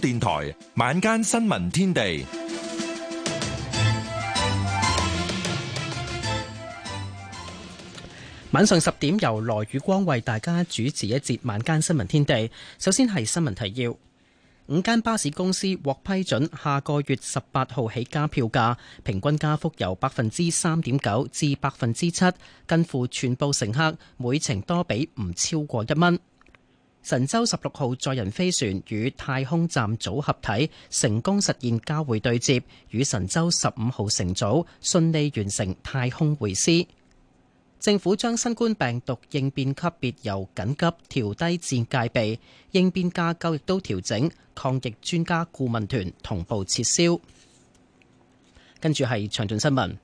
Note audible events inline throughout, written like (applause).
電台晚間新聞天地，晚上十點由羅宇光為大家主持一節晚間新聞天地。首先係新聞提要：五間巴士公司獲批准，下個月十八號起加票價，平均加幅由百分之三點九至百分之七，近乎全部乘客每程多比唔超過一蚊。神舟十六號載人飛船與太空站組合體成功實現交會對接，與神舟十五號乘組順利完成太空會師。政府將新冠病毒應變級別由緊急調低至戒備，應變架構亦都調整，抗疫專家顧問團同步撤銷。跟住係詳盡新聞。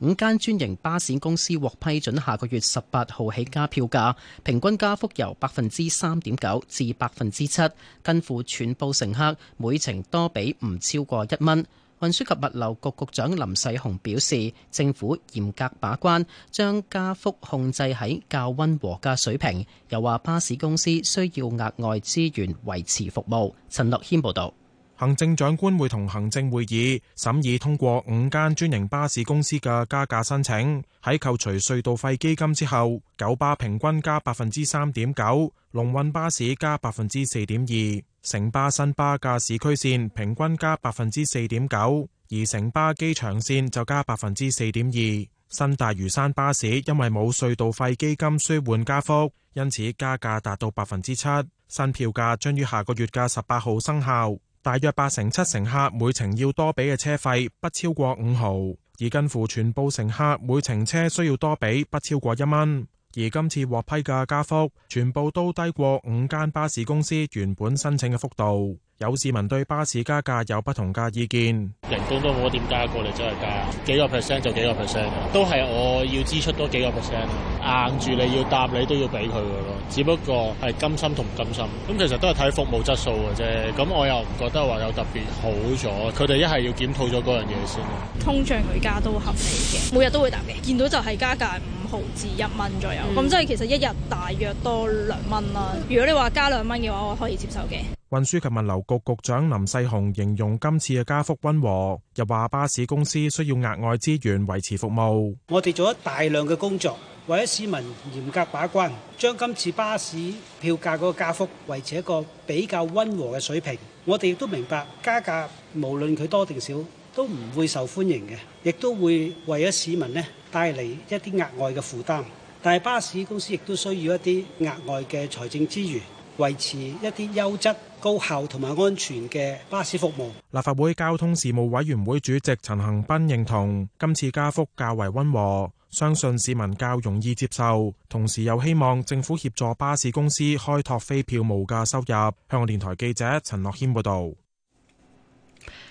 五間專營巴士公司獲批准下個月十八號起加票價，平均加幅由百分之三點九至百分之七，近乎全部乘客每程多俾唔超過一蚊。運輸及物流局局長林世雄表示，政府嚴格把關，將加幅控制喺較温和嘅水平。又話巴士公司需要額外資源維持服務。陳樂軒報導。行政長官會同行政會議審議通過五間專營巴士公司嘅加價申請。喺扣除隧道費基金之後，九巴平均加百分之三點九，龍運巴士加百分之四點二，城巴、新巴嘅市區線平均加百分之四點九，而城巴機場線就加百分之四點二。新大嶼山巴士因為冇隧道費基金紓緩加幅，因此加價達到百分之七。新票價將於下個月嘅十八號生效。大約八成七乘客每程要多俾嘅車費不超過五毫，而近乎全部乘客每程車需要多俾不超過一蚊。而今次獲批嘅加幅，全部都低過五間巴士公司原本申請嘅幅度。有市民對巴士加價有不同嘅意見，人工都冇點加過嚟，你真係加幾個 percent 就幾個 percent，都係我要支出多幾個 percent，硬住你要搭你都要俾佢嘅咯。只不過係甘心同唔甘心咁，其實都係睇服務質素嘅啫。咁我又唔覺得話有特別好咗，佢哋一係要檢討咗嗰樣嘢先。通脹佢加都合理嘅，每日都會搭嘅，見到就係加價五毫至一蚊左右，咁即係其實一日大約多兩蚊啦。如果你話加兩蚊嘅話，我可以接受嘅。運輸及物流局局長林世雄形容今次嘅加幅溫和，又話巴士公司需要額外資源維持服務。我哋做咗大量嘅工作，為咗市民嚴格把關，將今次巴士票價嗰個加幅維持一個比較溫和嘅水平。我哋亦都明白，加價無論佢多定少，都唔會受歡迎嘅，亦都會為咗市民呢帶嚟一啲額外嘅負擔。但係巴士公司亦都需要一啲額外嘅財政資源。維持一啲優質、高效同埋安全嘅巴士服務。立法會交通事務委員會主席陳恒斌認同，今次加幅較為溫和，相信市民較容易接受。同時又希望政府協助巴士公司開拓非票務價收入。香港電台記者陳樂軒報導。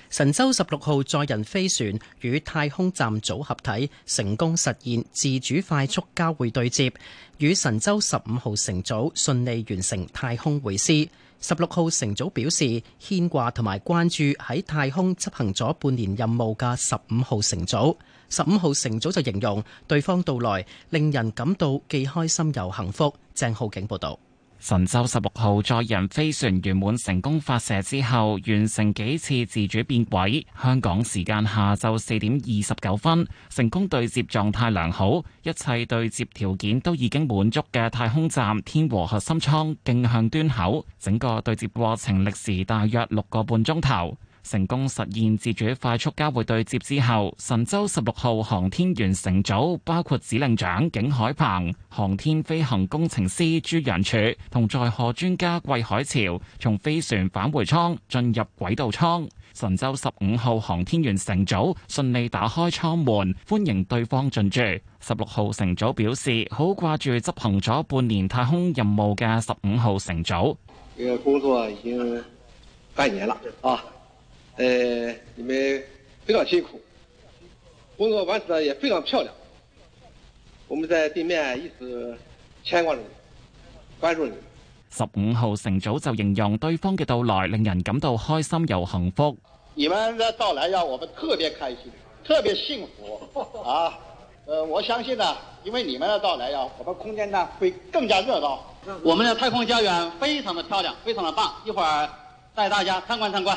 神舟十六號載人飛船與太空站組合體成功實現自主快速交會對接，與神舟十五號乘組順利完成太空會師。十六號乘組表示牽掛同埋關注喺太空執行咗半年任務嘅十五號乘組。十五號乘組就形容對方到來令人感到既開心又幸福。鄭浩景報道。神舟十六號載人飛船圓滿成功發射之後，完成幾次自主變軌，香港時間下晝四點二十九分成功對接，狀態良好，一切對接條件都已經滿足嘅太空站天和核心艙徑向端口，整個對接過程歷時大約六個半鐘頭。成功實現自主快速交會對接之後，神舟十六號航天員乘組包括指令長景海鵬、航天飛行工程師朱楊柱同載荷專家桂海潮，從飛船返回艙進入軌道艙。神舟十五號航天員乘組順利打開艙門，歡迎對方進駐。十六號乘組表示好掛住執行咗半年太空任務嘅十五號乘組。呢個工作已經半年啦，啊！呃，你們非常辛苦，工作完成的也非常漂亮。我們在地面一直牽掛着你，關注你。十五號乘組就形容對方的到來令人感到開心又幸福。你們的到來讓我們特別開心，特別幸福啊！呃，我相信呢，因為你們的到來呀，我們空間呢會更加熱鬧。我們的太空家園非常的漂亮，非常的棒，一會兒帶大家參觀參觀。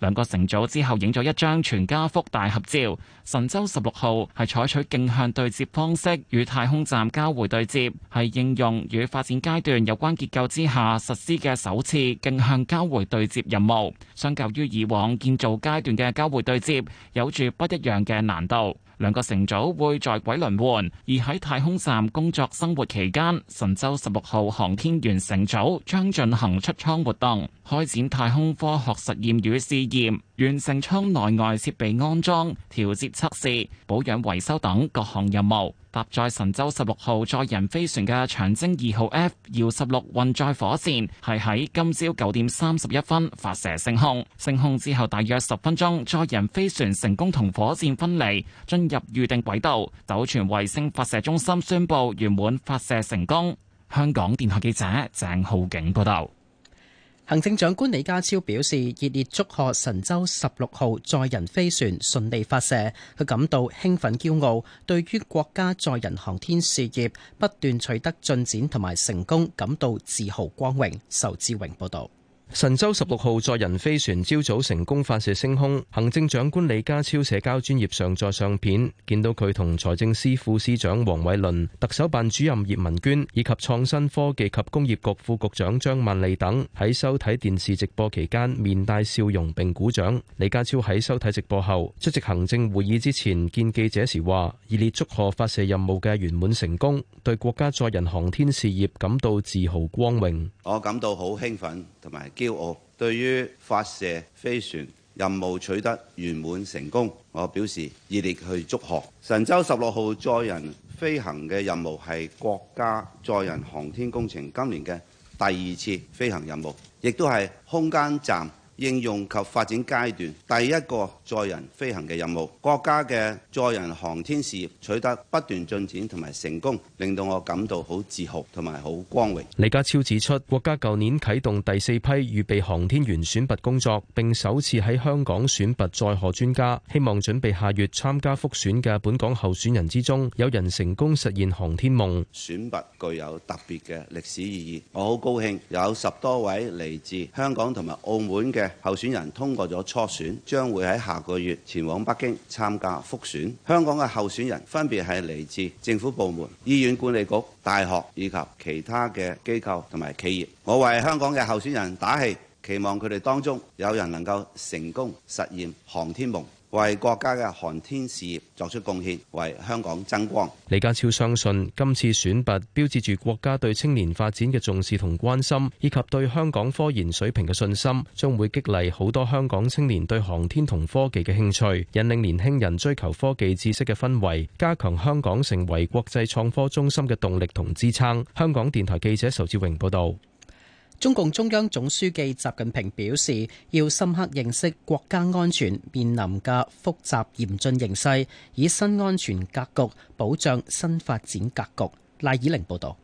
兩個乘組之後，影咗一張全家福大合照。神舟十六號係採取徑向對接方式與太空站交匯對接，係應用與發展階段有關結構之下實施嘅首次徑向交匯對接任務，相較於以往建造階段嘅交匯對接，有住不一樣嘅難度。兩個乘組會在軌輪換，而喺太空站工作生活期間，神舟十六號航天員乘組將進行出艙活動，開展太空科學實驗與試驗。完成艙內外設備安裝、調節測試、保養維修等各項任務。搭載神舟十六號載人飛船嘅長征二號 F 遙十六運載火箭係喺今朝九點三十一分發射升空。升空之後大約十分鐘，載人飛船成功同火箭分離，進入預定軌道。酒泉衛星發射中心宣布圓滿發射成功。香港電台記者鄭浩景報道。行政長官李家超表示熱烈祝賀神舟十六號載人飛船順利發射，佢感到興奮驕傲，對於國家載人航天事業不斷取得進展同埋成功感到自豪光榮。仇志榮報道。神舟十六號載人飛船朝早成功發射升空，行政長官李家超社交專頁上載相片，見到佢同財政司副司長黃偉綸、特首辦主任葉文娟以及創新科技及工業局副局長張萬利等喺收睇電視直播期間面帶笑容並鼓掌。李家超喺收睇直播後出席行政會議之前見記者時話：熱烈祝賀發射任務嘅圓滿成功，對國家載人航天事業感到自豪光榮。我感到好興奮，同埋。驕傲，對於發射飛船任務取得圓滿成功，我表示熱烈去祝賀。神舟十六號載人飛行嘅任務係國家載人航天工程今年嘅第二次飛行任務，亦都係空間站。應用及發展階段，第一個載人飛行嘅任務，國家嘅載人航天事業取得不斷進展同埋成功，令到我感到好自豪同埋好光榮。李家超指出，國家舊年啟動第四批預備航天員選拔工作，並首次喺香港選拔載荷專家，希望準備下月參加複選嘅本港候選人之中，有人成功實現航天夢。選拔具有特別嘅歷史意義，我好高興有十多位嚟自香港同埋澳門嘅。候選人通過咗初選，將會喺下個月前往北京參加復選。香港嘅候選人分別係嚟自政府部門、醫院管理局、大學以及其他嘅機構同埋企業。我為香港嘅候選人打氣，期望佢哋當中有人能夠成功實現航天夢。為國家嘅航天事業作出貢獻，為香港爭光。李家超相信今次選拔標誌住國家對青年發展嘅重視同關心，以及對香港科研水平嘅信心，將會激勵好多香港青年對航天同科技嘅興趣，引領年輕人追求科技知識嘅氛圍，加強香港成為國際創科中心嘅動力同支撐。香港電台記者仇志榮報道。中共中央總書記習近平表示，要深刻認識國家安全面臨嘅複雜嚴峻形勢，以新安全格局保障新發展格局。賴以玲報道。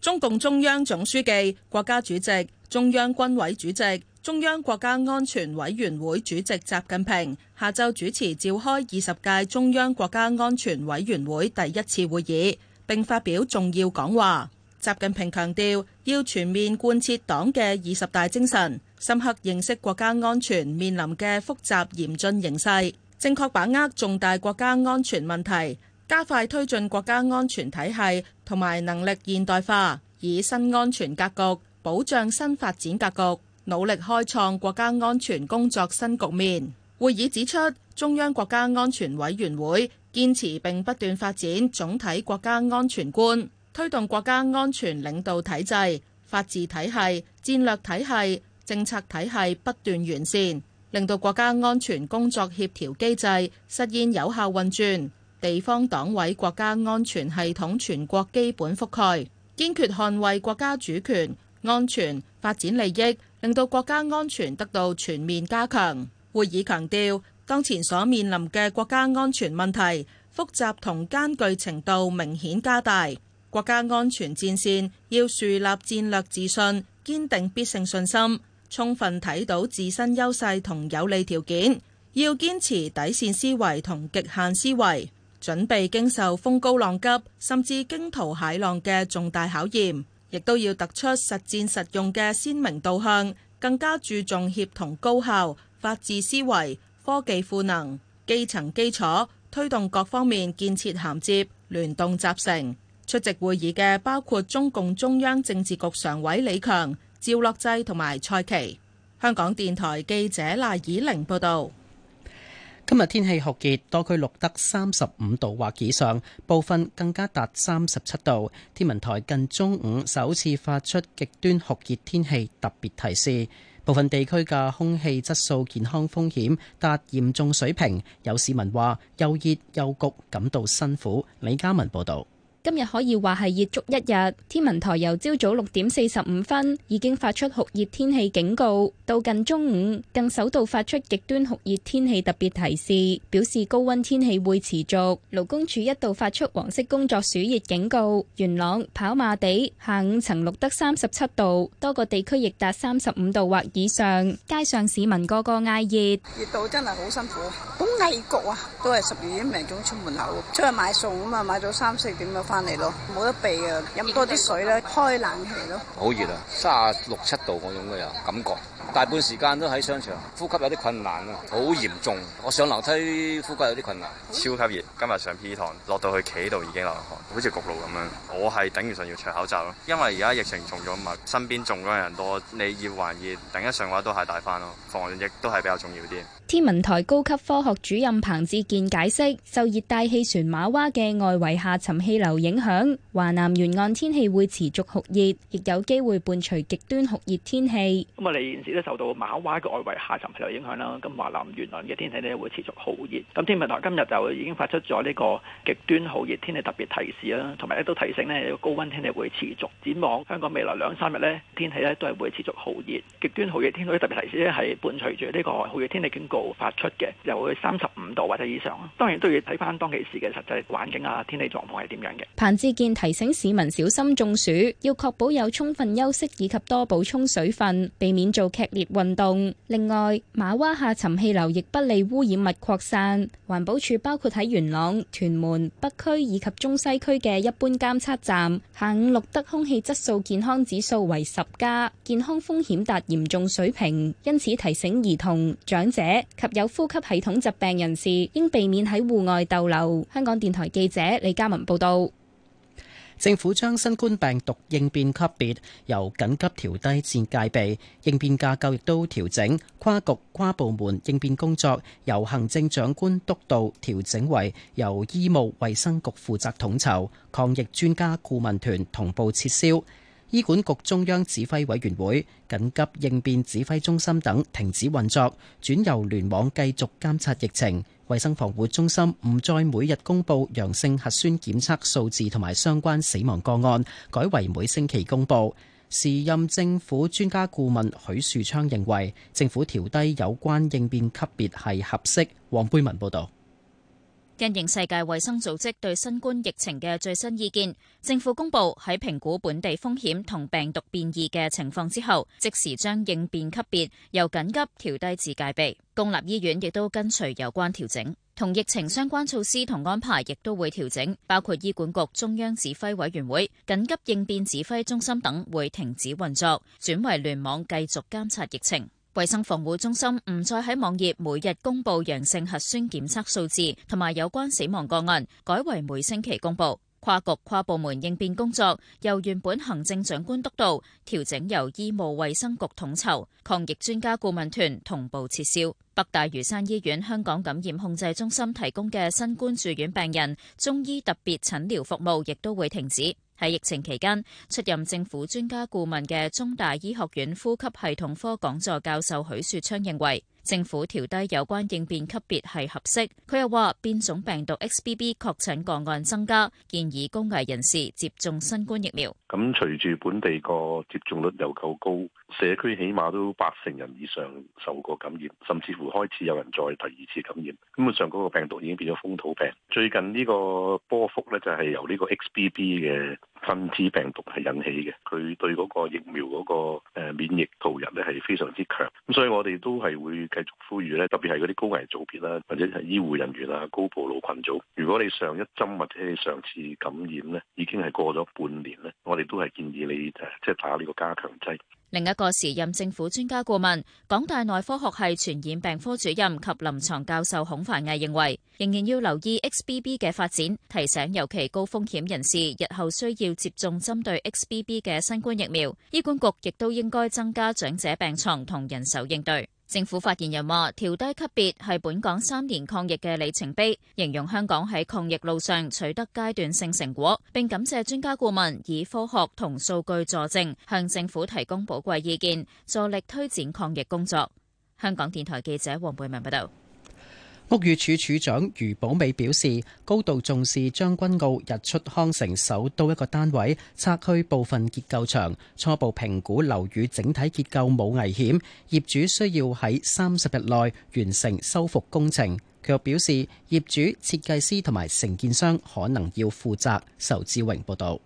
中共中央總書記、國家主席、中央軍委主席、中央國家安全委員會主席習近平下晝主持召開二十屆中央國家安全委員會第一次會議，並發表重要講話。習近平強調，要全面貫徹黨嘅二十大精神，深刻認識國家安全面臨嘅複雜嚴峻形勢，正確把握重大國家安全問題，加快推進國家安全體系同埋能力現代化，以新安全格局保障新發展格局，努力開創國家安全工作新局面。會議指出，中央國家安全委員會堅持並不斷發展總體國家安全觀。推動國家安全領導體制、法治體系、戰略體系、政策體系不斷完善，令到國家安全工作協調機制實現有效運轉，地方黨委、國家安全系統全國基本覆蓋，堅決捍衛國家主權、安全、發展利益，令到國家安全得到全面加強。會議強調，當前所面臨嘅國家安全問題複雜同艱巨程度明顯加大。國家安全戰線要樹立戰略自信，堅定必勝信心，充分睇到自身優勢同有利條件，要堅持底線思維同極限思維，準備經受風高浪急甚至驚濤駭浪嘅重大考驗。亦都要突出實戰實用嘅鮮明導向，更加注重協同高效、法治思維、科技賦能、基層基礎，推動各方面建設銜接聯動集成。出席會議嘅包括中共中央政治局常委李強、趙樂際同埋蔡奇。香港電台記者賴以玲報道。今日天氣酷熱，多區錄得三十五度或以上，部分更加達三十七度。天文台近中午首次發出極端酷熱天氣特別提示，部分地區嘅空氣質素健康風險達嚴重水平。有市民話又熱又焗，感到辛苦。李嘉文報道。今日可以話係熱足一日，天文台由朝早六點四十五分已經發出酷熱天氣警告，到近中午更首度發出極端酷熱天氣特別提示，表示高溫天氣會持續。勞工處一度發出黃色工作暑熱警告，元朗、跑馬地下午曾錄得三十七度，多個地區亦達三十五度或以上，街上市民個個嗌熱，熱到真係好辛苦，好危局啊！都係十二點零鐘出門口，出去買餸吖嘛，買咗三四點就翻翻嚟咯，冇得避啊！飲多啲水啦，開冷氣咯。好熱啊，三十六七度嗰種嘅又感覺，大半時間都喺商場，呼吸有啲困難啊，好嚴重。我上樓梯呼吸有啲困難，超級熱。今日上 P.E. 堂，落到去企度已經流汗，好似焗爐咁樣。我係頂唔順要除口罩咯，因為而家疫情重咗嘛，身邊中咗人多，你熱還熱，頂一上嘅話都係帶翻咯，防疫都係比較重要啲。天文台高級科學主任彭志健解釋，受熱帶氣旋馬娃嘅外圍下沉氣流影響，華南沿岸天氣會持續酷熱，亦有機會伴隨極端酷熱天氣。咁啊，我哋現時都受到馬娃嘅外圍下沉氣流影響啦，咁華南沿岸嘅天氣咧會持續酷熱。咁天文台今日就已經發出咗呢個極端酷熱天氣特別提示啦，同埋咧都提醒呢，有高溫天氣會持續展望，香港未來兩三日呢，天氣咧都係會持續酷熱，極端酷熱天氣特別提示呢係伴隨住呢個酷熱天氣警告。發出嘅又會三十五度或者以上，當然都要睇翻當其時嘅實際環境啊、天氣狀況係點樣嘅。彭志健提醒市民小心中暑，要確保有充分休息以及多補充水分，避免做劇烈運動。另外，馬灣下沉氣流亦不利污染物擴散。環保署包括喺元朗、屯門、北區以及中西區嘅一般監測站，下午錄得空氣質素健康指數為十加，健康風險達嚴重水平，因此提醒兒童、長者。及有呼吸系統疾病人士應避免喺戶外逗留。香港電台記者李嘉文報道，政府將新冠病毒應變級別由緊急調低至戒備，應變架構亦都調整，跨局跨部門應變工作由行政長官督導調整為由醫務衛生局負責統籌，抗疫專家顧問團同步撤銷。醫管局中央指揮委員會、緊急應變指揮中心等停止運作，轉由聯網繼續監察疫情。衛生防護中心唔再每日公布陽性核酸檢測數字同埋相關死亡個案，改為每星期公布。時任政府專家顧問許樹昌認為，政府調低有關應變級別係合適。黃佩文報道。因應世界衛生組織對新冠疫情嘅最新意見，政府公布喺評估本地風險同病毒變異嘅情況之後，即時將應變級別由緊急調低至戒備。公立醫院亦都跟隨有關調整，同疫情相關措施同安排亦都會調整，包括醫管局中央指揮委員會、緊急應變指揮中心等會停止運作，轉為聯網繼續監察疫情。衛生防護中心唔再喺網頁每日公布陽性核酸檢測數字同埋有關死亡個案，改為每星期公布。跨局跨部門應變工作由原本行政長官督導，調整由醫務衛生局統籌，抗疫專家顧問團同步撤銷。北大嶼山醫院香港感染控制中心提供嘅新冠住院病人中醫特別診療服務，亦都會停止。喺疫情期間出任政府專家顧問嘅中大醫學院呼吸系統科講座教授許樹昌認為，政府調低有關應變級別係合適。佢又話，變種病毒 XBB 確診個案增加，建議高危人士接種新冠疫苗。咁隨住本地個接種率又夠高。社區起碼都八成人以上受過感染，甚至乎開始有人再第二次感染。基本上嗰個病毒已經變咗風土病。最近呢個波幅咧，就係、是、由呢個 XBB 嘅分支病毒係引起嘅。佢對嗰個疫苗嗰、嗰個、呃、免疫逃逸咧係非常之強。咁所以我哋都係會繼續呼籲咧，特別係嗰啲高危組別啦，或者係醫護人員啊、高暴露群組，如果你上一針或者你上次感染咧已經係過咗半年咧，我哋都係建議你誒即係打呢個加強劑。另一個時任政府專家顧問、港大內科學系傳染病科主任及臨床教授孔繁毅認為，仍然要留意 XBB 嘅發展，提醒尤其高風險人士，日後需要接種針對 XBB 嘅新冠疫苗。醫管局亦都應該增加長者病床同人手應對。政府發言人話：調低級別係本港三年抗疫嘅里程碑，形容香港喺抗疫路上取得階段性成果，並感謝專家顧問以科學同數據助證，向政府提供寶貴意見，助力推展抗疫工作。香港電台記者黃貝文報道。屋宇署署長余寶美表示，高度重視將軍澳日出康城首都一個單位拆去部分結構牆，初步評估樓宇整體結構冇危險，業主需要喺三十日內完成修復工程。佢又表示，業主、設計師同埋承建商可能要負責。仇志榮報導。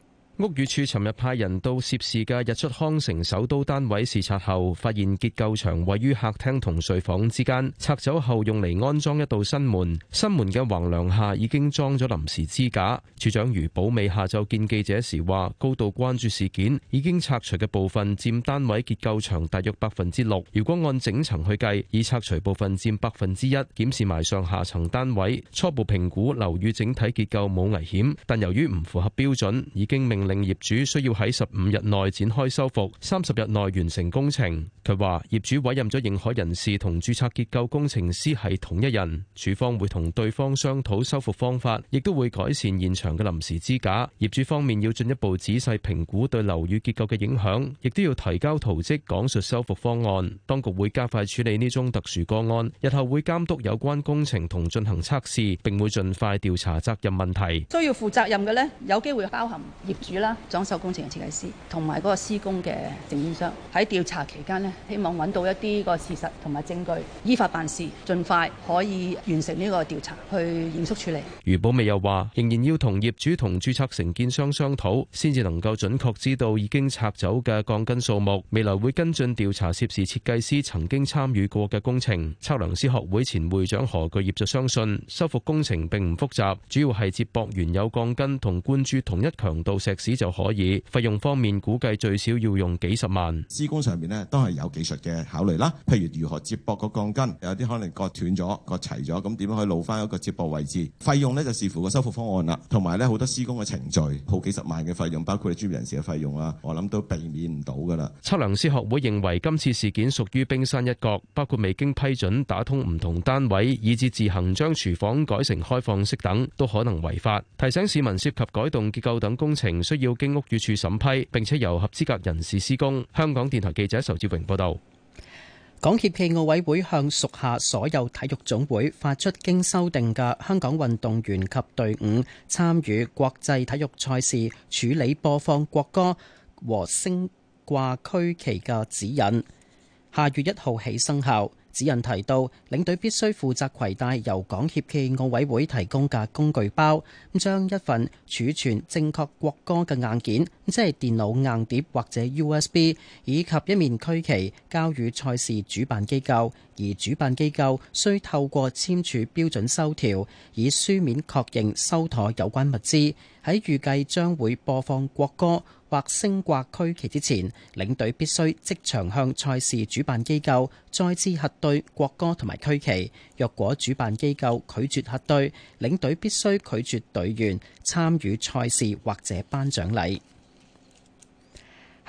屋宇處尋日派人到涉事嘅日出康城首都單位視察後，發現結構牆位於客廳同睡房之間，拆走後用嚟安裝一道新門。新門嘅橫梁下已經裝咗臨時支架。處長余寶美下晝見記者時話：高度關注事件，已經拆除嘅部分佔單位結構牆大約百分之六。如果按整層去計，已拆除部分佔百分之一。檢視埋上下層單位，初步評估樓宇整體結構冇危險，但由於唔符合標準，已經命令。業主需要喺十五日內展開修復，三十日內完成工程。佢話業主委任咗認可人士同注冊結構工程師係同一人，署方會同對方商討修復方法，亦都會改善現場嘅臨時支架。業主方面要進一步仔細評估對樓宇結構嘅影響，亦都要提交圖紙，講述修復方案。當局會加快處理呢宗特殊個案，日後會監督有關工程同進行測試，並會盡快調查責任問題。需要負責任嘅呢，有機會包含業主。啦，裝修工程嘅設計師同埋嗰個施工嘅承建商喺調查期間呢，希望揾到一啲個事實同埋證據，依法辦事，盡快可以完成呢個調查，去嚴肅處理。余寶美又話：仍然要同業主同註冊承建商商討，先至能夠準確知道已經拆走嘅鋼筋數目。未來會跟進調查涉事設計師曾經參與過嘅工程。測量師學會前會長何巨業就相信，修復工程並唔複雜，主要係接駁原有鋼筋同灌注同一強度石。史就可以，費用方面估計最少要用幾十萬。施工上面呢，都係有技術嘅考慮啦，譬如如何接駁個鋼筋，有啲可能割斷咗、割齊咗，咁點樣可以露翻一個接駁位置？費用呢，就視乎個修復方案啦，同埋呢，好多施工嘅程序，好幾十萬嘅費用，包括專業人士嘅費用啊，我諗都避免唔到㗎啦。測量師學會認為今次事件屬於冰山一角，包括未經批准打通唔同單位，以至自行將廚房改成開放式等，都可能違法。提醒市民涉及改動結構等工程，需要經屋宇署審批，並且由合資格人士施工。香港電台記者仇志榮報道，港協暨奧委會向屬下所有體育總會發出經修訂嘅香港運動員及隊伍參與國際體育賽事處理播放國歌和升掛區旗嘅指引，下月一號起生效。指引提到，領隊必須負責攜帶由港協暨奧委會提供嘅工具包，將一份儲存正確國歌嘅硬件，即係電腦硬碟或者 USB，以及一面區旗，交予賽事主辦機構，而主辦機構需透過簽署標準收條，以書面確認收妥有關物資。喺預計將會播放國歌或升掛區旗之前，領隊必須即場向賽事主辦機構再次核對國歌同埋區旗。若果主辦機構拒絕核對，領隊必須拒絕隊員參與賽事或者頒獎禮。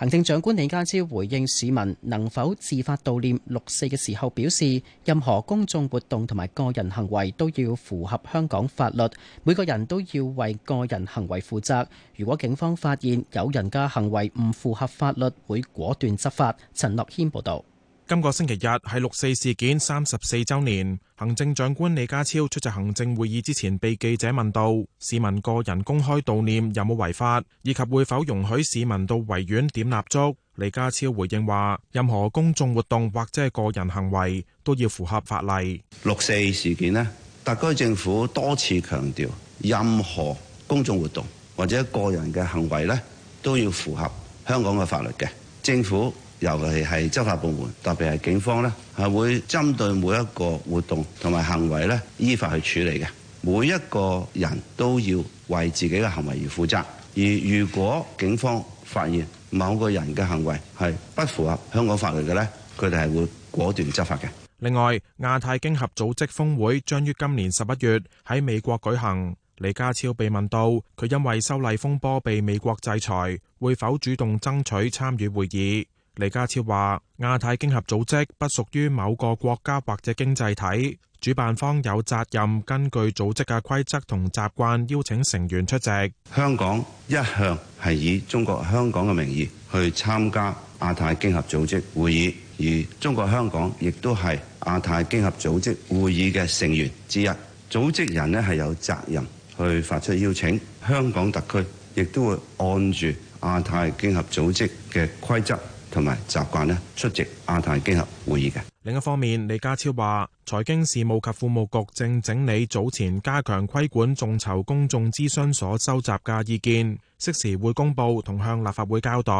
行政長官李家超回應市民能否自發悼念六四嘅時候，表示任何公眾活動同埋個人行為都要符合香港法律，每個人都要為個人行為負責。如果警方發現有人嘅行為唔符合法律，會果斷執法。陳樂謙報道。今個星期日係六四事件三十四周年，行政長官李家超出席行政會議之前，被記者問到市民個人公開悼念有冇違法，以及會否容許市民到維園點蠟燭。李家超回應話：任何公眾活動或者係個人行為都要符合法例。六四事件呢，特區政府多次強調，任何公眾活動或者個人嘅行為呢，都要符合香港嘅法律嘅。政府尤其係執法部門，特別係警方呢，係會針對每一個活動同埋行為呢，依法去處理嘅。每一個人都要為自己嘅行為而負責。而如果警方發現某個人嘅行為係不符合香港法律嘅呢，佢哋係會果斷執法嘅。另外，亞太經合組織峰會將於今年十一月喺美國舉行。李家超被問到，佢因為修例風波被美國制裁，會否主動爭取參與會議？李家超話：亞太經合組織不屬於某個國家或者經濟體，主辦方有責任根據組織嘅規則同習慣邀請成員出席。香港一向係以中國香港嘅名義去參加亞太經合組織會議，而中國香港亦都係亞太經合組織會議嘅成員之一。組織人呢係有責任去發出邀請，香港特區亦都會按住亞太經合組織嘅規則。同埋習慣咧，出席亞太經合會議嘅。另一方面，李家超話：財經事務及庫務局正整理早前加強規管眾籌公眾諮詢所收集嘅意見，適時會公佈同向立法會交代。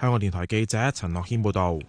香港電台記者陳樂軒報導。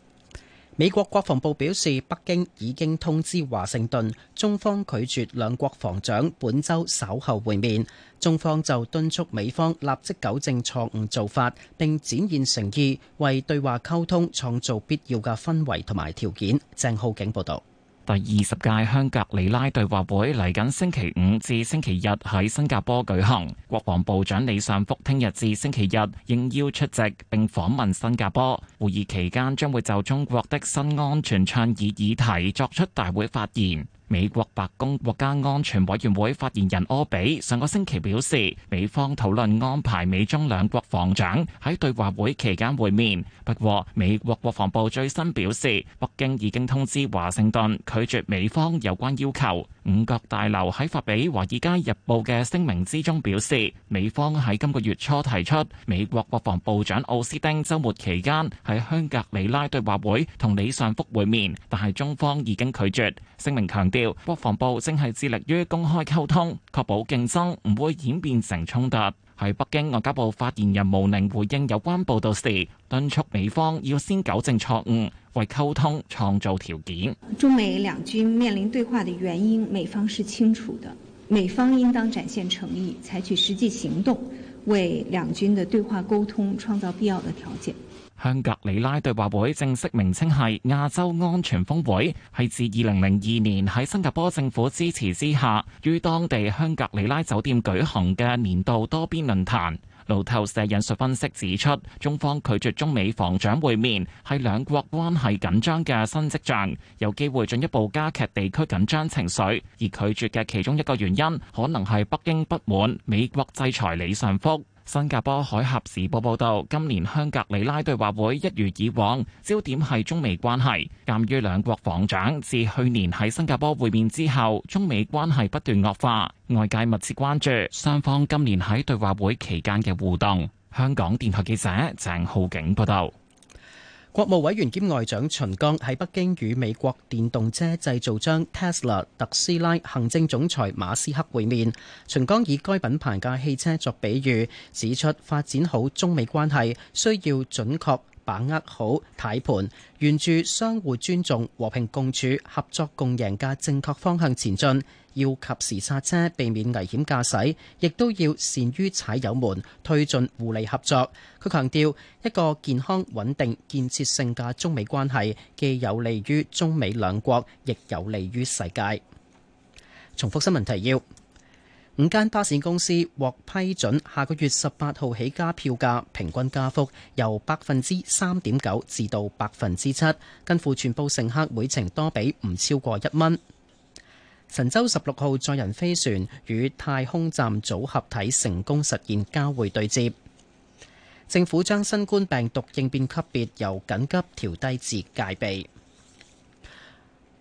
美國國防部表示，北京已經通知華盛頓，中方拒絕兩國防長本週稍後會面。中方就敦促美方立即糾正錯誤做法，並展現誠意，為對話溝通創造必要嘅氛圍同埋條件。鄭浩景報道。第二十屆香格里拉對話會嚟緊星期五至星期日喺新加坡舉行。國防部長李尚福聽日至星期日應邀出席，並訪問新加坡。會議期間將會就中國的新安全倡議議題作出大會發言。美國白宮國家安全委員會發言人柯比上個星期表示，美方討論安排美中兩國防長喺對話會期間會面。不過，美國國防部最新表示，北京已經通知華盛頓拒絕美方有關要求。五角大樓喺發俾《華爾街日報》嘅聲明之中表示，美方喺今個月初提出美國國防部長奧斯丁週末期間喺香格里拉對話會同李尚福會面，但係中方已經拒絕。聲明強調，國防部正係致力於公開溝通，確保競爭唔會演變成衝突。喺北京外交部發言人毛寧回應有關報導時，敦促美方要先糾正錯誤，為溝通創造條件。中美兩軍面臨對話的原因，美方是清楚的。美方應當展現誠意，採取實際行動，為兩軍嘅對話溝通創造必要的條件。香格里拉對話會正式名稱係亞洲安全峰會，係自二零零二年喺新加坡政府支持之下，於當地香格里拉酒店舉行嘅年度多邊論壇。路透社引述分析指出，中方拒絕中美防長會面係兩國關係緊張嘅新跡象，有機會進一步加劇地區緊張情緒。而拒絕嘅其中一個原因，可能係北京不滿美國制裁李尚福。新加坡《海峽時報》報道，今年香格里拉對話會一如以往，焦點係中美關係。鑑於兩國防長自去年喺新加坡會面之後，中美關係不斷惡化，外界密切關注雙方今年喺對話會期間嘅互動。香港電台記者鄭浩景報道。國務委員兼外長秦剛喺北京與美國電動車製造商 Tesla 特斯拉行政總裁馬斯克會面。秦剛以該品牌嘅汽車作比喻，指出發展好中美關係需要準確。把握好體盤，沿住相互尊重、和平共處、合作共贏嘅正確方向前進，要及時剎車，避免危險駕駛，亦都要善於踩油門，推進互利合作。佢強調，一個健康、穩定、建設性嘅中美關係，既有利於中美兩國，亦有利於世界。重複新聞提要。五間巴士公司獲批准，下個月十八號起加票價，平均加幅由百分之三點九至到百分之七，近乎全部乘客每程多比唔超過一蚊。神舟十六號載人飛船與太空站組合體成功實現交會對接。政府將新冠病毒應變級別由緊急調低至戒備。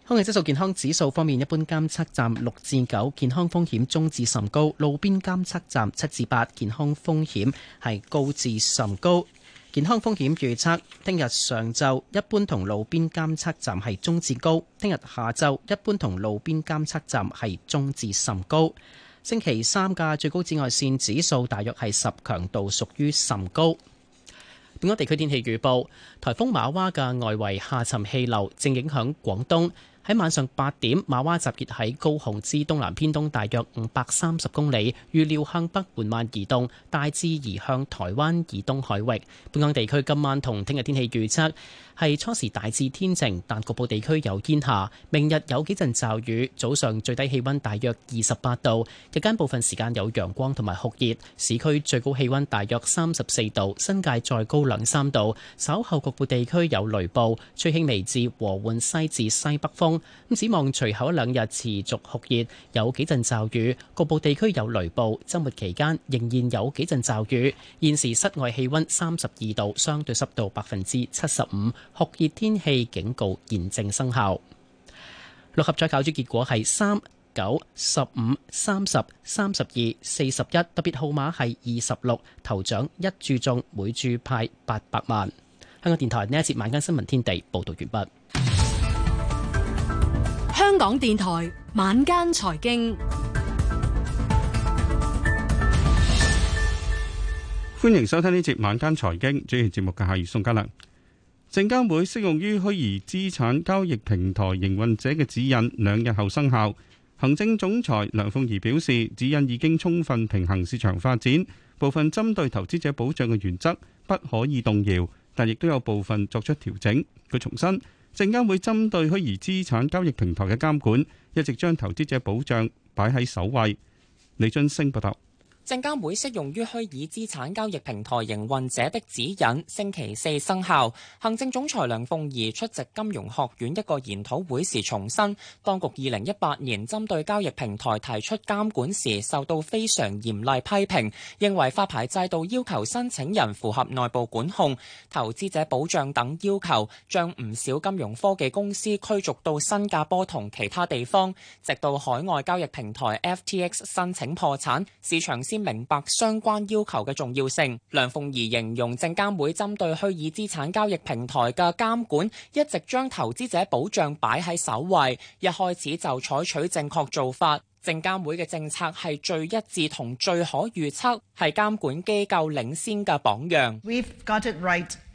空氣質素健康指數方面，一般監測站六至九，健康風險中至甚高；路邊監測站七至八，健康風險係高至甚高。健康風險預測：聽日上晝一般同路邊監測站係中至高；聽日下晝一般同路邊監測站係中至甚高。星期三嘅最高紫外綫指數大約係十，強度屬於甚高。本港地區天氣預報：颱風馬娃嘅外圍下沉氣流正影響廣東。喺晚上八點，馬娃集結喺高雄之東南偏東大約五百三十公里，預料向北緩慢移動，大致移向台灣以東海域。本港地區今晚同聽日天氣預測係初時大致天晴，但局部地區有煙霞。明日有幾陣驟雨，早上最低氣温大約二十八度，日間部分時間有陽光同埋酷熱，市區最高氣温大約三十四度，新界再高兩三度。稍後局部地區有雷暴，吹輕微至和緩西至西北風。咁指望隨後一兩日持續酷熱，有幾陣驟雨，局部地區有雷暴。周末期間仍然有幾陣驟雨。現時室外氣温三十二度，相對濕度百分之七十五，酷熱天氣警告現正生效。六合彩攪珠結果係三、九、十五、三十、三十二、四十一，特別號碼係二十六。頭獎一注中，每注派八百萬。香港電台呢一節晚間新聞天地報道完畢。香港電台晚間財經，歡迎收聽呢節晚間財經，主持節目嘅係宋嘉良。證監會適用於虛擬資產交易平台營運者嘅指引，兩日後生效。行政總裁梁鳳儀表示，指引已經充分平衡市場發展，部分針對投資者保障嘅原則不可以動搖，但亦都有部分作出調整。佢重申。證監會針對虛擬資產交易平台嘅監管，一直將投資者保障擺喺首位。李俊升報道。證監會適用於虛擬資產交易平台營運者的指引星期四生效。行政總裁梁鳳儀出席金融學院一個研討會時重申，當局二零一八年針對交易平台提出監管時受到非常嚴厲批評，認為發牌制度要求申請人符合內部管控、投資者保障等要求，將唔少金融科技公司驅逐到新加坡同其他地方，直到海外交易平台 FTX 申請破產，市場先明白相關要求嘅重要性，梁鳳儀形容證監會針對虛擬資產交易平台嘅監管一直將投資者保障擺喺首位，一開始就採取正確做法。證監會嘅政策係最一致同最可預測，係監管機構領先嘅榜樣。We've got it right.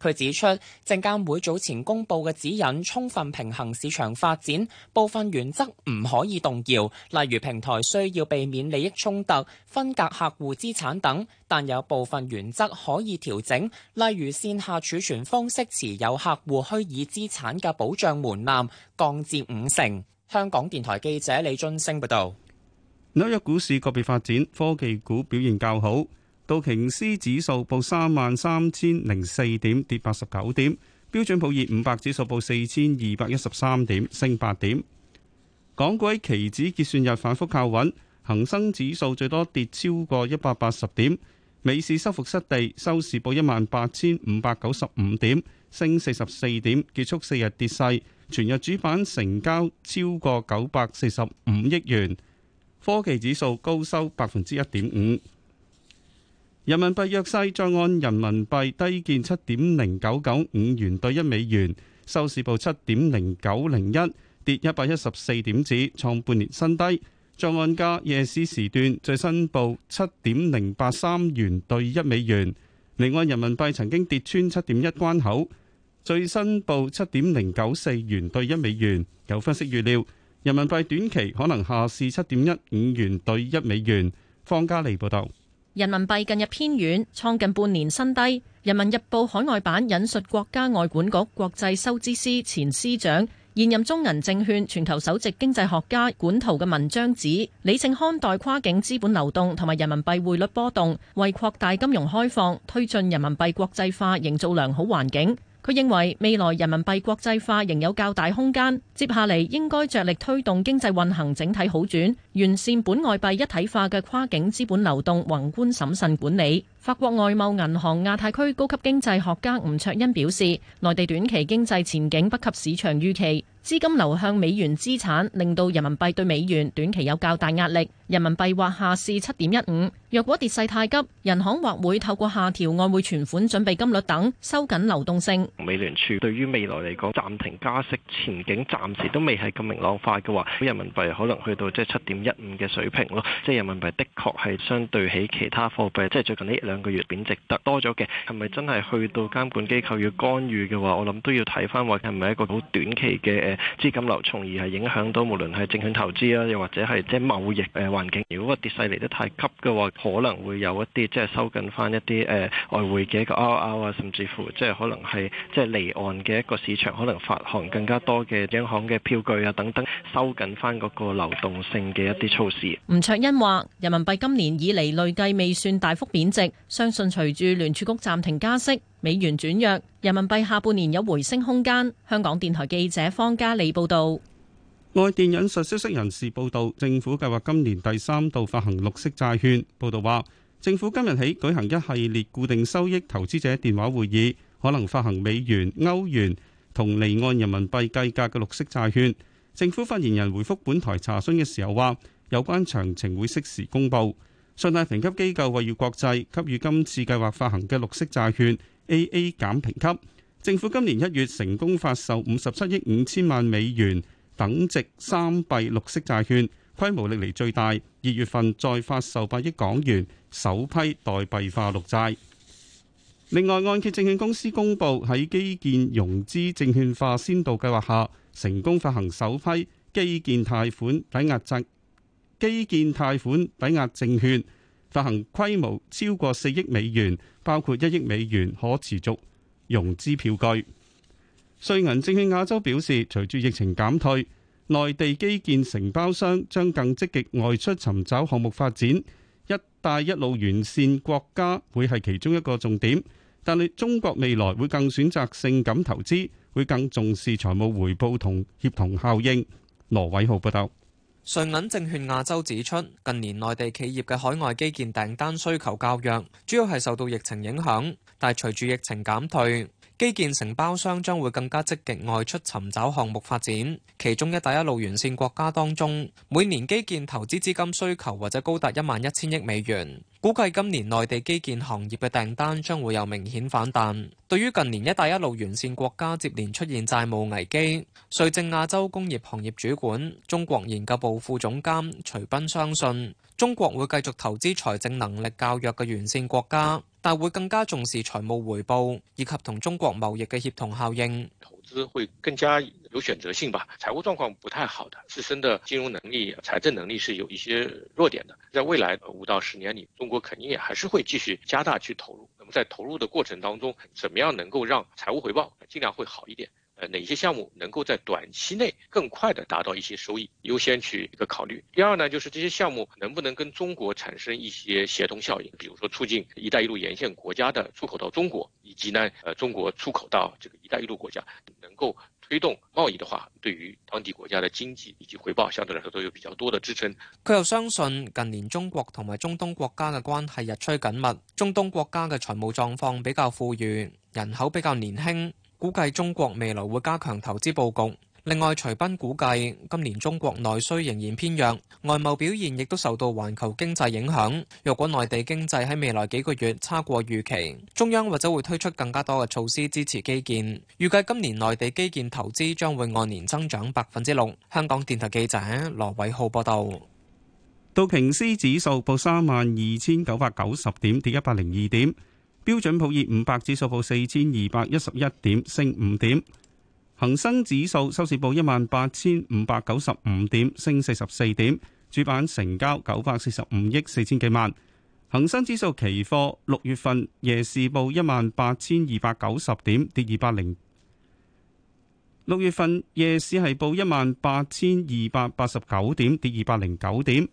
佢指出，證監會早前公布嘅指引，充分平衡市場發展，部分原則唔可以動搖，例如平台需要避免利益衝突、分隔客戶資產等。但有部分原則可以調整，例如線下儲存方式持有客戶虛擬資產嘅保障門檻降至五成。香港電台記者李俊升報道。紐約股市個別發展，科技股表現較好。道瓊斯指數報三萬三千零四點，跌八十九點；標準普爾五百指數報四千二百一十三點，升八點。港股期指結算日反覆靠穩，恆生指數最多跌超過一百八十點。美市收復失地，收市報一萬八千五百九十五點，升四十四點，結束四日跌勢。全日主板成交超過九百四十五億元，科技指數高收百分之一點五。人民幣弱勢，在岸人民幣低見七點零九九五元對一美元，收市報七點零九零一，跌一百一十四點子，創半年新低。在岸價夜市時段，最新報七點零八三元對一美元。離岸人民幣曾經跌穿七點一關口，最新報七點零九四元對一美元。有分析預料，人民幣短期可能下試七點一五元對一美元。方家利報道。人民幣近日偏軟，創近半年新低。《人民日報》海外版引述國家外管局國際收支司前司長、現任中銀證券全球首席經濟學家管濤嘅文章指，理性看待跨境資本流動同埋人民幣匯率波動，為擴大金融開放、推進人民幣國際化營造良好環境。佢認為未來人民幣國際化仍有較大空間，接下嚟應該着力推動經濟運行整體好轉，完善本外幣一體化嘅跨境資本流動，宏觀審慎管理。法國外貿銀行亞太區高級經濟學家吳卓恩表示，內地短期經濟前景不及市場預期。資金流向美元資產，令到人民幣對美元短期有較大壓力。人民幣或下市七點一五。若果跌勢太急，人行或會透過下調外匯存款準備金率等收緊流動性。美聯儲對於未來嚟講暫停加息前景暫時都未係咁明朗化嘅話，人民幣可能去到即係七點一五嘅水平咯。即係人民幣的確係相對起其他貨幣，即係最近呢兩個月貶值得多咗嘅，係咪真係去到監管機構要干預嘅話，我諗都要睇返話係咪一個好短期嘅。資金流，從而係影響到無論係證券投資啦，又或者係即係貿易嘅環境。如果個跌勢嚟得太急嘅話，可能會有一啲即係收緊翻一啲誒外匯嘅一個 RRR 啊，甚至乎即係可能係即係離岸嘅一個市場，可能發行更加多嘅央行嘅票據啊等等，收緊翻嗰個流動性嘅一啲措施。吳卓恩話：人民幣今年以嚟累計未算大幅貶值，相信隨住聯儲局暫停加息。美元轉弱，人民幣下半年有回升空間。香港電台記者方嘉莉報道。外電引述消息人士報道，政府計劃今年第三度發行綠色債券。報道話，政府今日起舉行一系列固定收益投資者電話會議，可能發行美元、歐元同離岸人民幣計價嘅綠色債券。政府發言人回覆本台查詢嘅時候話：有關詳情會適時公佈。信貸評級機構惠譽國際給予今次計劃發行嘅綠色債券。AA 減、啊、評級。政府今年一月成功發售五十七億五千萬美元等值三幣綠色債券，規模歷嚟最大。二月份再發售八億港元首批代幣化綠債。另外，按揭證券公司公布喺基建融資證券化先導計劃下，成功發行首批基建貸款抵押債基建貸款抵押證券。發行規模超過四億美元，包括一億美元可持續融資票據。瑞銀證券亞洲表示，隨住疫情減退，內地基建承包商將更積極外出尋找項目發展，一帶一路沿線國家會係其中一個重點。但係中國未來會更選擇性咁投資，會更重視財務回報同協同效應。羅偉浩報道。瑞銀證券亞洲指出，近年內地企業嘅海外基建訂單需求較弱，主要係受到疫情影響。但係隨住疫情減退，基建承包商將會更加積極外出尋找項目發展。其中“一帶一路”沿線國家當中，每年基建投資資金需求或者高達一萬一千億美元。估計今年內地基建行業嘅訂單將會有明顯反彈。對於近年「一帶一路」沿線國家接連出現債務危機，瑞證亞洲工業行業主管、中國研究部副總監徐斌相信，中國會繼續投資財政能力較弱嘅沿線國家。但會更加重視財務回報以及同中國貿易嘅協同效應。投資會更加有選擇性吧，財務狀況不太好的，的自身的金融能力、財政能力是有一些弱點的。在未來五到十年裏，中國肯定也還是會繼續加大去投入。那咁在投入嘅過程當中，怎麼樣能夠讓財務回報盡量會好一點？呃，哪些項目能夠在短期內更快地達到一些收益，優先去一個考慮？第二呢，就是這些項目能不能跟中國產生一些協同效應？比如說促進一帶一路沿線國家的出口到中國，以及呢，呃，中國出口到這個一帶一路國家，能夠推動貿易的話，對於當地國家的經濟以及回報，相對來說都有比較多的支撐。佢又相信近年中國同埋中東國家嘅關係日趨緊密，中東國家嘅財務狀況比較富裕，人口比較年輕。估計中國未來會加強投資布局。另外，徐斌估計今年中國內需仍然偏弱，外貿表現亦都受到環球經濟影響。若果內地經濟喺未來幾個月差過預期，中央或者會推出更加多嘅措施支持基建。預計今年內地基建投資將會按年增長百分之六。香港電台記者羅偉浩報道。道瓊斯指數報三萬二千九百九十點，跌一百零二點。標準普爾五百指數報四千二百一十一點，升五點。恒生指數收市報一萬八千五百九十五點，升四十四點。主板成交九百四十五億四千幾萬。恒生指數期貨六月份夜市報一萬八千二百九十點，跌二百零。六月份夜市係報一萬八千二百八十九點，跌二百零九點。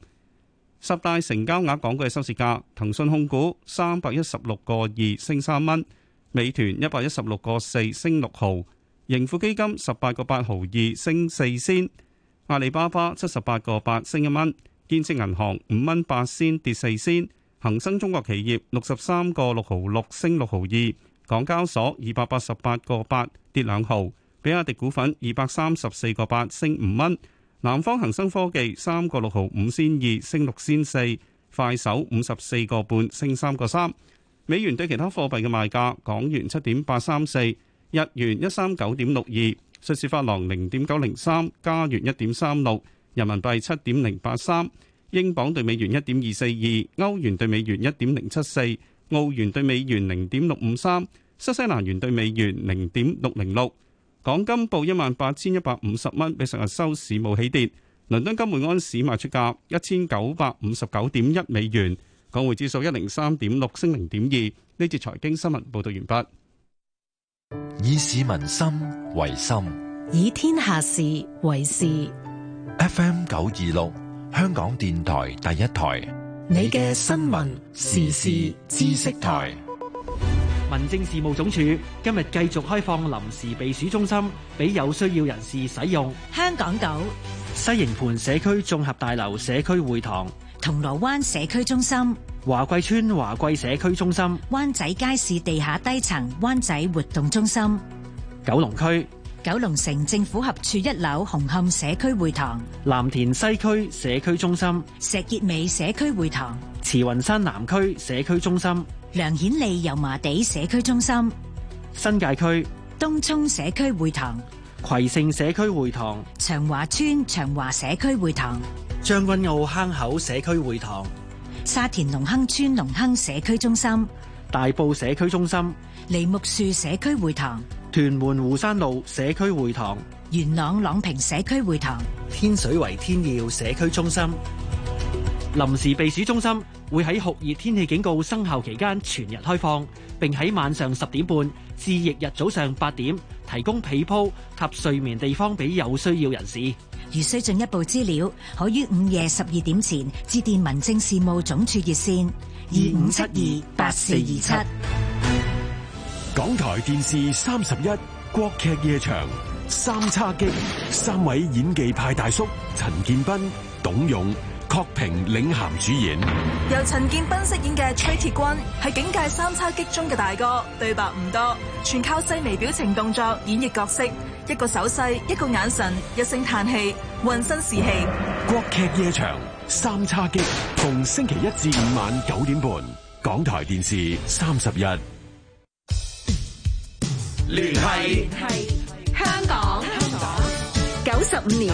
十大成交額港股嘅收市價，騰訊控股三百一十六個二升三蚊，美團一百一十六個四升六毫，盈富基金十八個八毫二升四仙，阿里巴巴七十八個八升一蚊，建設銀行五蚊八仙跌四仙，恒生中國企業六十三個六毫六升六毫二，港交所二百八十八個八跌兩毫，比亞迪股份二百三十四個八升五蚊。南方恒生科技三個六毫五仙二升六仙四，快手五十四個半升三個三。美元對其他貨幣嘅賣價：港元七點八三四，日元一三九點六二，瑞士法郎零點九零三，加元一點三六，人民幣七點零八三，英鎊兌美元一點二四二，歐元兌美元一點零七四，澳元兌美元零點六五三，新西蘭元兌美元零點六零六。港金報一萬八千一百五十蚊，比上日收市冇起跌。倫敦金每安市賣出價一千九百五十九點一美元，港匯指數一零三點六升零點二。呢節財經新聞報道完畢。以市民心為心，以天下事為事。F M 九二六，香港電台第一台，你嘅新聞時事知識台。民政事務總署今日繼續開放臨時避暑中心俾有需要人士使用，香港島西營盤社區綜合大樓社區會堂、銅鑼灣社區中心、華貴村華貴社區中心、灣仔街市地下低層灣仔活動中心、九龍區九龍城政府合處一樓紅磡社區會堂、藍田西區社區中心、石硖尾社區會堂、慈雲山南區社區中心梁顯利油麻地社區中心，新界區東涌社區會堂，葵盛社區會堂，長華村長華社區會堂，將軍澳坑口社區會堂，沙田隆亨村隆亨社區中心，大埔社區中心，梨木樹社區會堂，屯門湖山路社區會堂，元朗朗屏社區會堂，天水圍天耀社區中心。臨時避暑中心會喺酷熱天氣警告生效期間全日開放，並喺晚上十點半至翌日早上八點提供被鋪及睡眠地方俾有需要人士。如需進一步資料，可於午夜十二點前致電民政事務總署熱線二五七二八四二七。港台電視三十一，國劇夜場三叉戟，三位演技派大叔陳建斌、董勇。郝平領銜主演，由陳建斌飾演嘅崔鐵軍係《警界三叉戟》中嘅大哥，對白唔多，全靠細微表情動作演繹角色，一個手勢，一個眼神，一聲嘆氣，渾身是戲。國劇夜場《三叉戟》，逢星期一至五晚九點半，港台電視三十一，聯繫聯繫香港九十五年。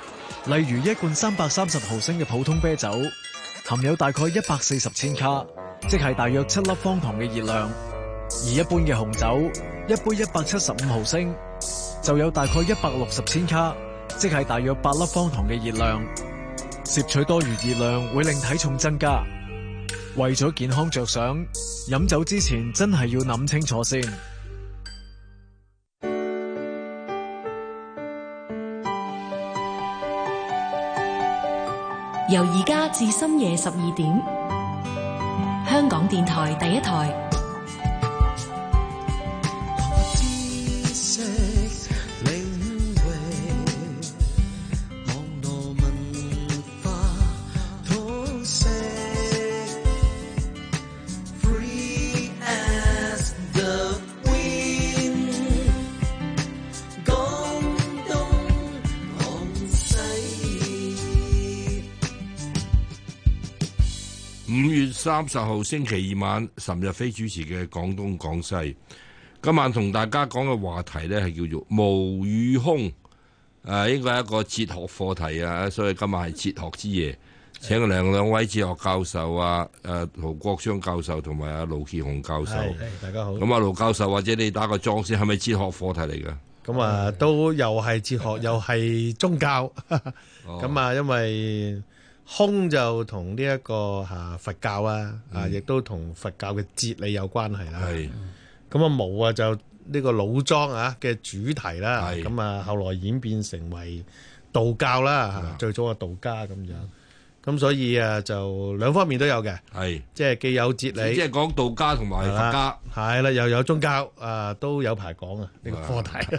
例如一罐三百三十毫升嘅普通啤酒，含有大概一百四十千卡，即係大約七粒方糖嘅熱量；而一般嘅紅酒，一杯一百七十五毫升就有大概一百六十千卡，即係大約八粒方糖嘅熱量。攝取多餘熱量會令體重增加，為咗健康着想，飲酒之前真係要諗清楚先。由而家至深夜十二點，香港電台第一台。三十號星期二晚，岑日飛主持嘅廣東廣西，今晚同大家講嘅話題呢，係叫做無與空，誒、呃，應該係一個哲學課題啊，所以今晚係哲學之夜，請兩兩位哲學教授啊，誒、啊，陶國昌教授同埋阿盧建雄教授，大家好。咁啊、嗯，盧教授或者你打個莊先，係咪哲學課題嚟噶？咁啊，都又係哲學，的又係宗教，咁、 (laughs) oh. 啊，因為。空就同呢一個吓佛教啊，啊亦、嗯、都同佛教嘅哲理有關係啦。係咁是、嗯、啊，冇啊就呢個老莊啊嘅主題啦。係咁啊，嗯、後來演變成為道教啦，的最早嘅道家咁樣。咁的所以啊，就兩方面都有嘅。係的即係既有哲理，即係講道家同埋佛家。係啦，又有宗教啊，都有排講啊呢個課題。